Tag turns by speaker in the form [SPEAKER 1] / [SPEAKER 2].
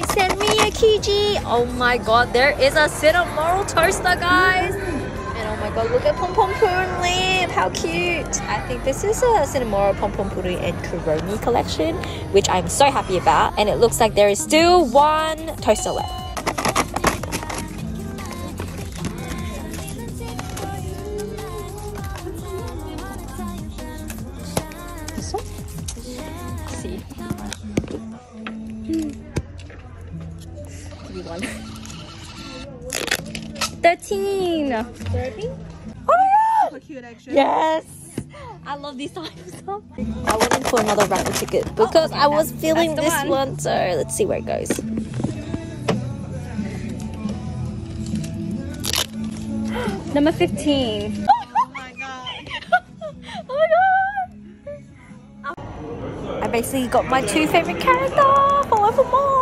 [SPEAKER 1] guys, send me a Kiji. Oh my god, there is a Cinnamoro toaster, guys.
[SPEAKER 2] And
[SPEAKER 1] oh my god, look at Pom Pom Poon Lip. How cute. I think this is a Cinnamoro Pom Pom Puri and Kuromi collection, which I'm so happy about. And it looks like there is still one toaster left.
[SPEAKER 2] See. one.
[SPEAKER 1] 13.
[SPEAKER 2] 13? Oh my god! Yes! I love these times.
[SPEAKER 3] I went for another raffle ticket because oh, okay, I was feeling this one. one. So let's see where it goes.
[SPEAKER 1] Number 15. Oh my
[SPEAKER 2] god.
[SPEAKER 1] oh
[SPEAKER 2] my
[SPEAKER 3] god. I basically got my two favorite characters all over more.